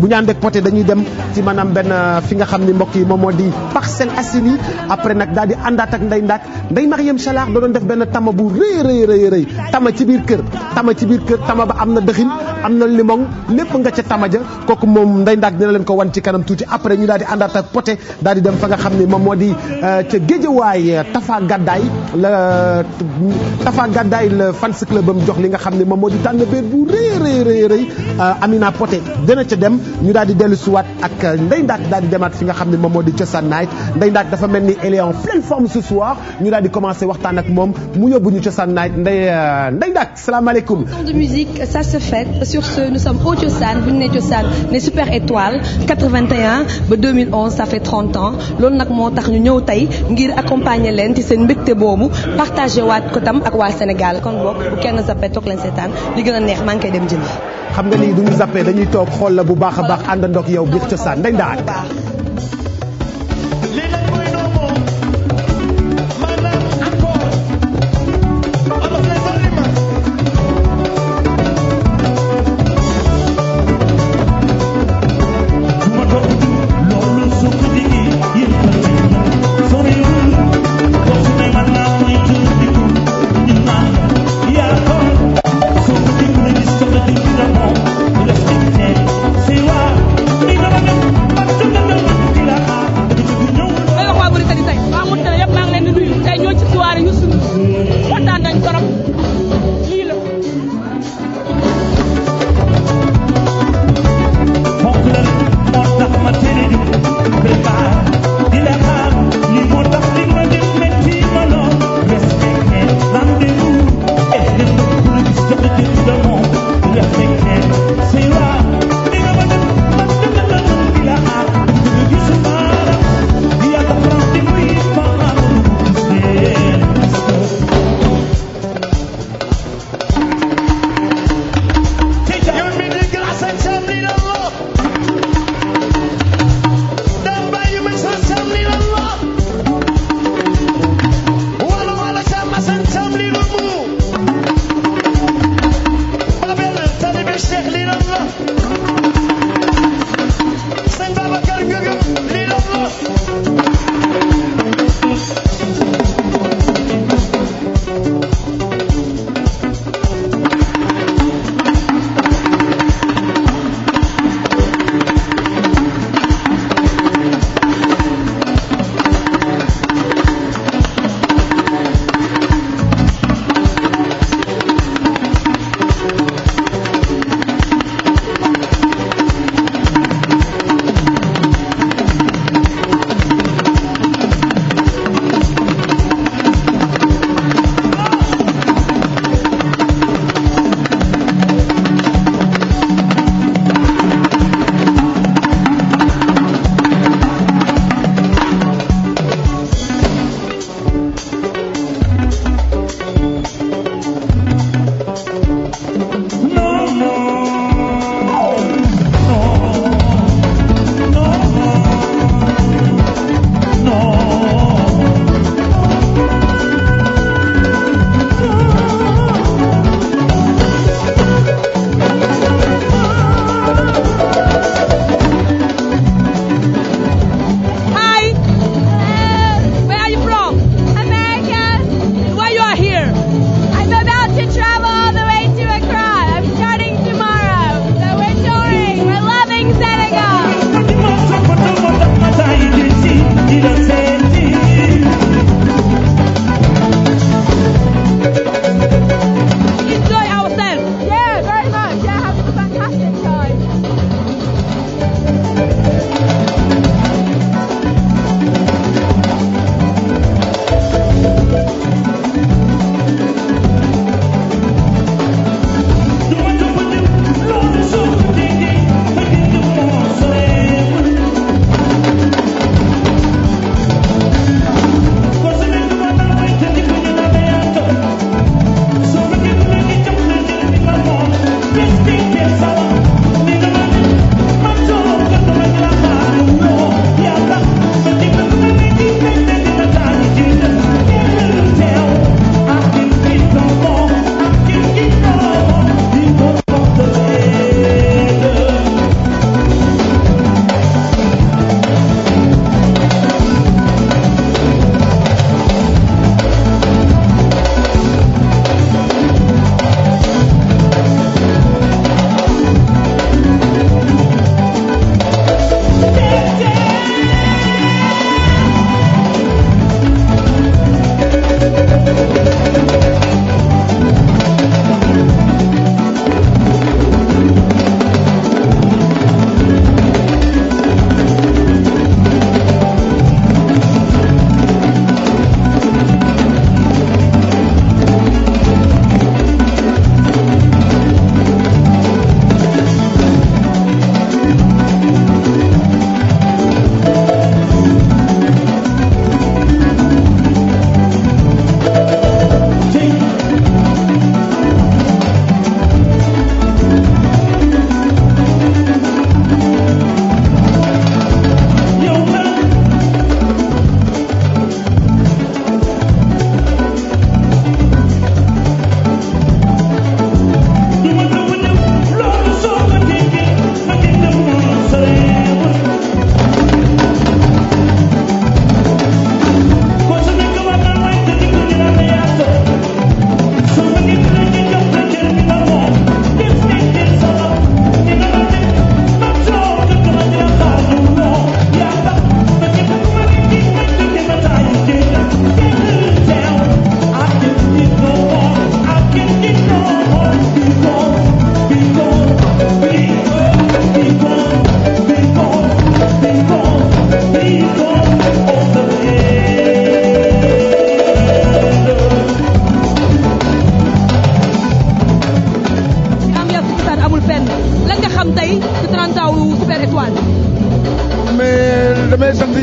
bu ñu ànd ak dañuy dem ci maanaam benn euh, fi nga xam ni mbokk yi moom moo di Parcelles Assainies après nag daal di àndaat ak nday ndaak nday Mariam Chalaar da doon def benn tama bu rëy rëy rëy tama ci biir kër tama ci biir kër tama am na dëxin am na limon lépp nga ca tama ja kooku moom nday ndaak leen ko wan ci kanam tuuti après ñu daal di àndaat ak daal di dem fa moom moo di euh, ca géejawaay euh, Tafa Gaddaay la Tafa Gaddaay la fans club am jox li nga xam ne moom moo di tànn béer bu rëy rëy rëy rëy Amina Poté dina ca dem ñu daal di dellu siwaat ak Ndeye Ndack daal di fi nga xam ne moom moo di cosaan night Ndeye Ndack dafa mel ni en pleine forme ce soir ñu daal di commencé waxtaan ak moom mu yóbbu ñu cosaan night Ndeye euh, Ndeye Ndack salaamaaleykum. de musique ça se fête sur ce nous sommes au cosaan bu ñu nee cosaan ne super étoile 81 ba 2011 ça fait 30 moo tax ñu ñëw tey ngir accompagner leen ci seen mbégte boobu partagé waat ko tam ak waa Sénégal kon boog bu kenn zappee toog leen seetaan li gën neex maa koy dem jënd. nga ni du xool la bu baax baax a baax àndandoog yow biir cosaan nday ndaat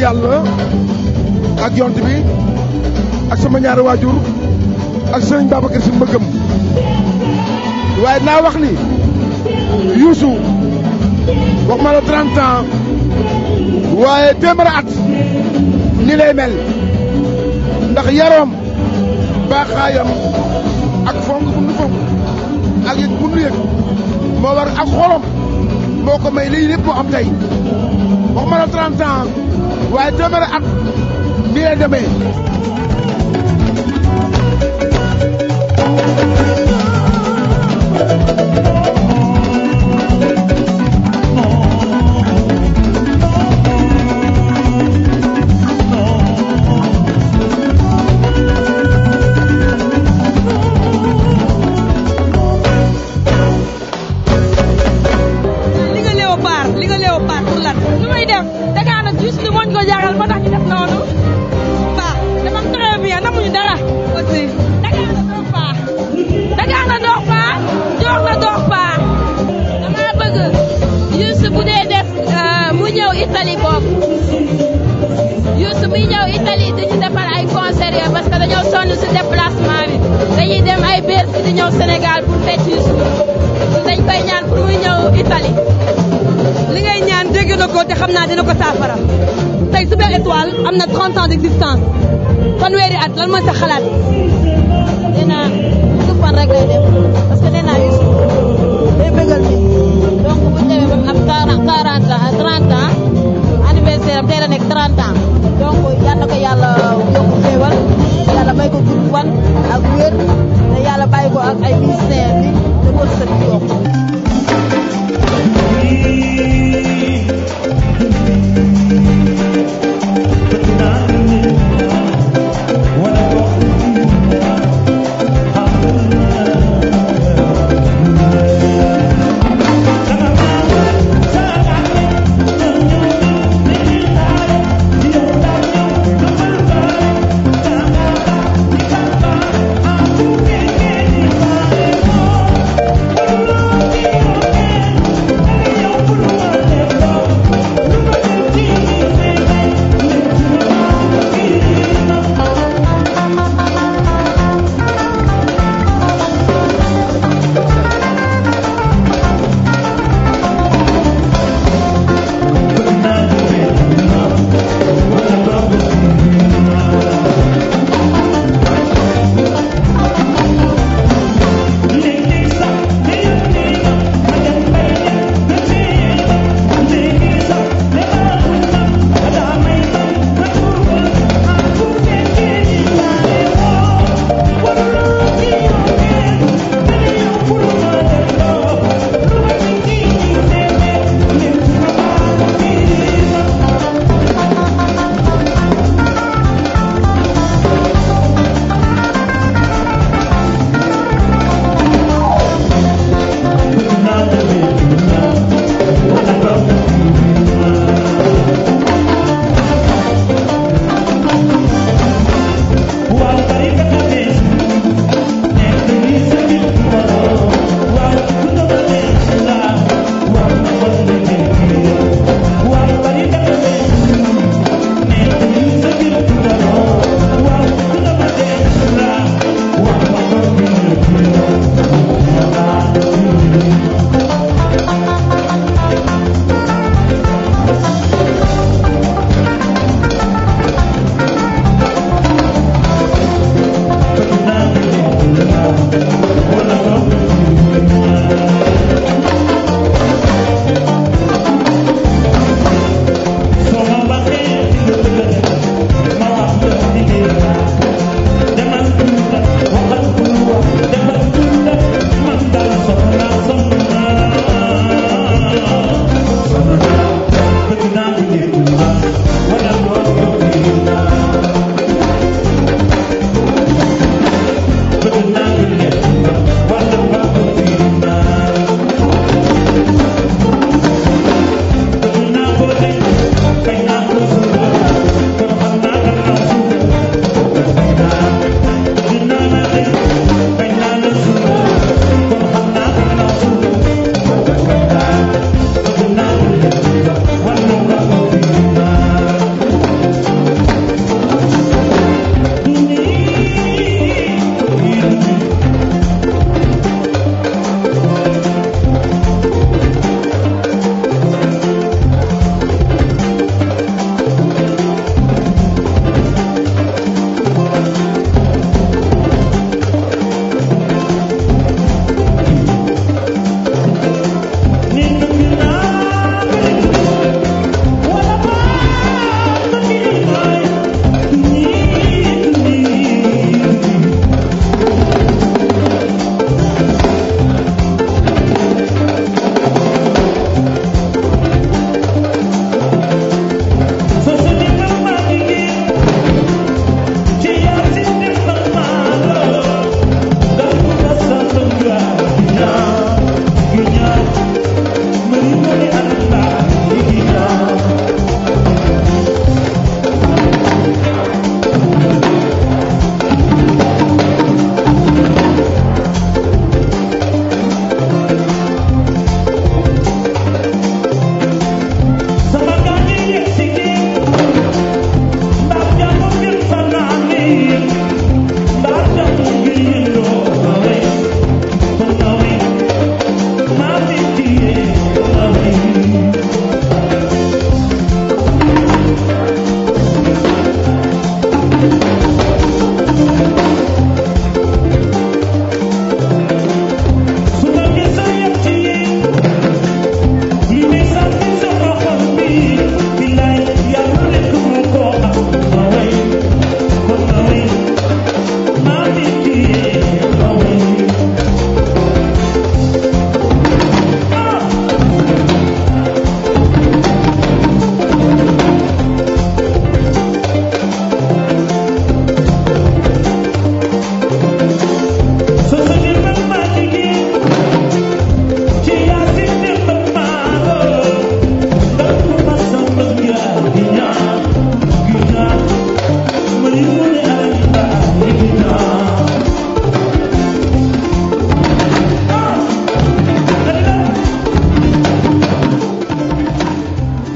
yàlla ak yont bi ak sama ñaari waajur ak sëriñ Babacar Si ma gëm waaye naa wax ni Youssou wax ma la 30 waaye téeméeri at ni lay mel ndax yaroom baaxaayam ak fonk bu nu fonk ak moo war ak xolom moo ko may lii lépp am tey wax ma la 30 waaye téeméeri at nii lay demee. léopard li nga léopard pour lan lu may def Dakar nag juste moo ñu ko jaaxal moo tax ñu def noonu waaw dafa am très bien namuñu dara aussi Dakar na dox paax Dakar na dox paax jox na dox paax damaa bëgg juste bu dee def euh, mu ñëw Italie boobu juste muy ñëw Italie dañu defar ay concert yooyu parce que dañoo sonn si déplacement bi dañuy dem ay biir fi di ñëw Sénégal pour fecc juste dañ koy ñaan pour te xam naa dina ko saafara tey Super Étoile am na 30 ans d' existence fanweeri at lan mooy xalaat. nee naa su fan rek parce que nee naa Youssou day donc mu am 40 40 ans 30 anniversaire am tey nekk 30 ans donc yal na ko yàlla may ko gudd fan ak wér te yàlla bàyyi ko ak ay ministère bi.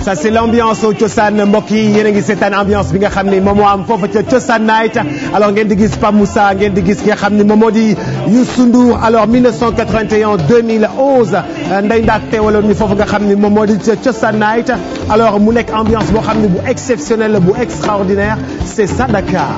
ça c'est l'ambiance cosaan mbokk yi yéen a ngi seetaan ambiance bi nga xam ne moom moo am foofa ca cosaan night alors ngeen di gis Pape Moussa ngeen di gis ki nga xam ne moom moo di Youssou Ndour alors 1981 2011 nday ndaat teewaloon ñu foofu nga xam ni moom moo di ca cosaan night alors mu nekk ambiance boo xam ne bu exceptionnelle bu extraordinaire c'est ça Dakar